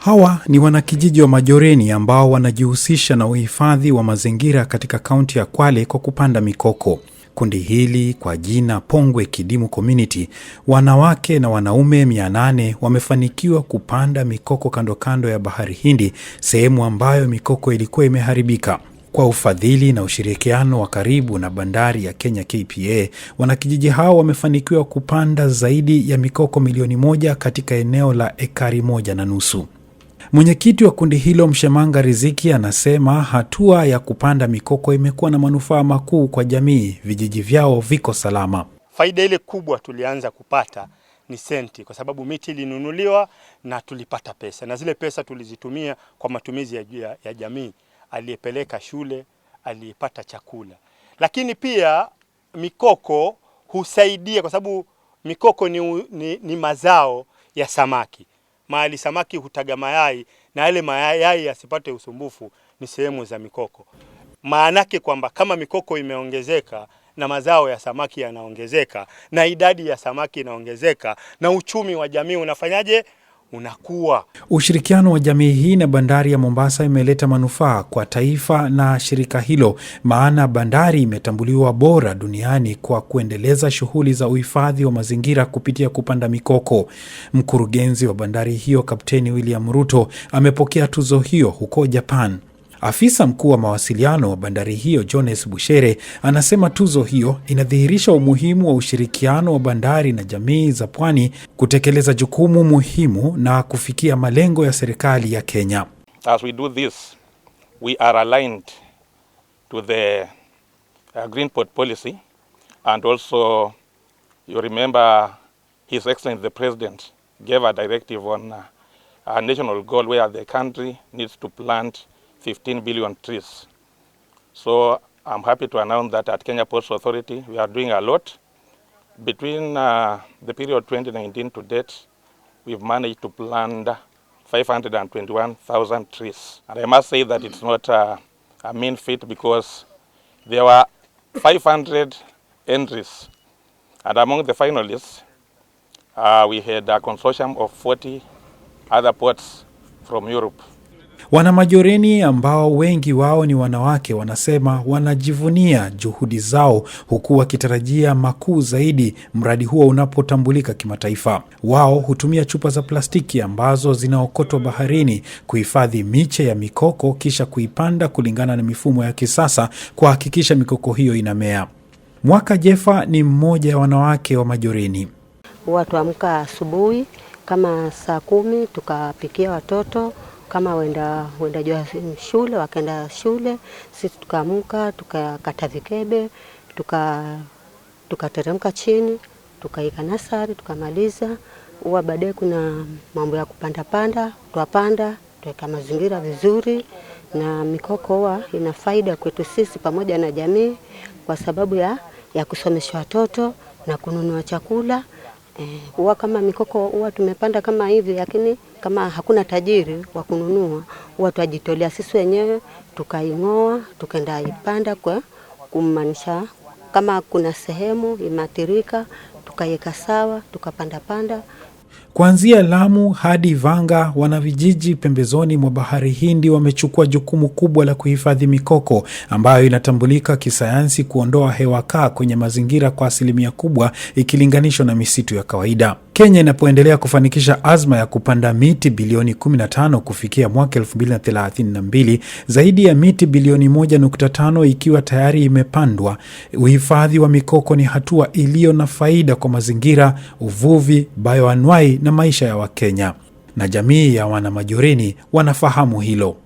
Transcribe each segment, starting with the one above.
Hawa ni wanakijiji wa Majoreni ambao wanajihusisha na uhifadhi wa mazingira katika kaunti ya Kwale kwa kupanda mikoko. Kundi hili kwa jina Pongwe Kidimu Community, wanawake na wanaume mia nane wamefanikiwa kupanda mikoko kando kando ya bahari Hindi, sehemu ambayo mikoko ilikuwa imeharibika. Kwa ufadhili na ushirikiano wa karibu na bandari ya Kenya KPA, wanakijiji hao wamefanikiwa kupanda zaidi ya mikoko milioni moja katika eneo la ekari moja na nusu. Mwenyekiti wa kundi hilo Mshemanga Riziki anasema hatua ya kupanda mikoko imekuwa na manufaa makuu kwa jamii, vijiji vyao viko salama. Faida ile kubwa tulianza kupata ni senti, kwa sababu miti ilinunuliwa na tulipata pesa, na zile pesa tulizitumia kwa matumizi ya, ya, ya jamii, aliyepeleka shule, aliyepata chakula, lakini pia mikoko husaidia kwa sababu mikoko ni, ni, ni mazao ya samaki mahali samaki hutaga mayai na yale mayai yasipate usumbufu ni sehemu za mikoko. Maanake kwamba kama mikoko imeongezeka na mazao ya samaki yanaongezeka na idadi ya samaki inaongezeka na uchumi wa jamii unafanyaje? unakuwa. Ushirikiano wa jamii hii na bandari ya Mombasa imeleta manufaa kwa taifa na shirika hilo, maana bandari imetambuliwa bora duniani kwa kuendeleza shughuli za uhifadhi wa mazingira kupitia kupanda mikoko. Mkurugenzi wa bandari hiyo Kapteni William Ruto amepokea tuzo hiyo huko Japan. Afisa mkuu wa mawasiliano wa bandari hiyo Jones Bushere anasema tuzo hiyo inadhihirisha umuhimu wa ushirikiano wa bandari na jamii za pwani kutekeleza jukumu muhimu na kufikia malengo ya serikali ya Kenya. As we do this, we are aligned to the uh, green port policy and also you remember His Excellency the President gave a directive on uh, a national goal where the country needs to plant 15 billion trees. So I'm happy to announce that at Kenya Ports Authority, we are doing a lot. Between uh, the period 2019 to date, we've managed to plant 521,000 trees. And I must say that it's not uh, a mean feat because there were 500 entries. And among the finalists, uh, we had a consortium of 40 other ports from Europe. Wanamajoreni ambao wengi wao ni wanawake wanasema wanajivunia juhudi zao huku wakitarajia makuu zaidi mradi huo unapotambulika kimataifa. Wao hutumia chupa za plastiki ambazo zinaokotwa baharini kuhifadhi miche ya mikoko kisha kuipanda kulingana na mifumo ya kisasa kuhakikisha mikoko hiyo inamea. Mwaka Jefa ni mmoja ya wanawake wa Majoreni. Huwa tuamka asubuhi kama saa kumi tukapikia watoto kama wenda wenda shule wakaenda shule, sisi tukaamka tukakata vikebe tukateremka chini tukaika nasari tukamaliza. Huwa baadaye kuna mambo ya kupandapanda, twapanda tuweka mazingira vizuri, na mikoko huwa ina faida kwetu sisi pamoja na jamii, kwa sababu ya, ya kusomesha watoto na kununua chakula. Huwa kama mikoko huwa tumepanda kama hivi, lakini kama hakuna tajiri wa kununua, huwa twajitolea sisi wenyewe tukaing'oa, tukaenda ipanda kwa kumaanisha kama kuna sehemu imeathirika tukaiweka sawa, tukapandapanda. Kuanzia Lamu hadi Vanga, wanavijiji pembezoni mwa bahari Hindi wamechukua jukumu kubwa la kuhifadhi mikoko ambayo inatambulika kisayansi kuondoa hewa kaa kwenye mazingira kwa asilimia kubwa ikilinganishwa na misitu ya kawaida. Kenya inapoendelea kufanikisha azma ya kupanda miti bilioni 15 kufikia mwaka 2032, zaidi ya miti bilioni 1.5 ikiwa tayari imepandwa. Uhifadhi wa mikoko ni hatua iliyo na faida kwa mazingira, uvuvi, bayoanwai na maisha ya Wakenya, na jamii ya wanamajorini wanafahamu hilo.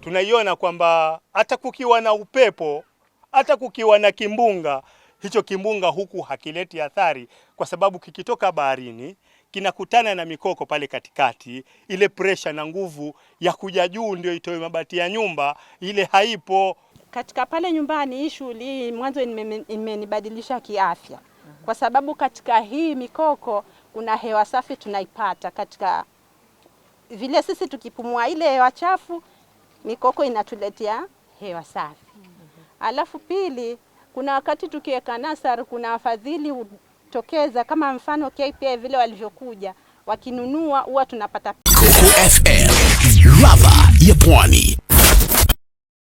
Tunaiona kwamba hata kukiwa na upepo, hata kukiwa na kimbunga, hicho kimbunga huku hakileti athari, kwa sababu kikitoka baharini kinakutana na mikoko pale katikati, ile presha na nguvu ya kuja juu ndio itoe mabati ya nyumba ile haipo katika pale nyumbani. Hii shughuli hii mwanzo imenibadilisha kiafya, kwa sababu katika hii mikoko kuna hewa safi tunaipata katika vile, sisi tukipumua ile hewa chafu, mikoko inatuletea hewa safi. Alafu pili, kuna wakati tukiweka nasari, kuna wafadhili hutokeza, kama mfano KPA vile walivyokuja wakinunua, huwa tunapata Coco FM, ladha ya Pwani.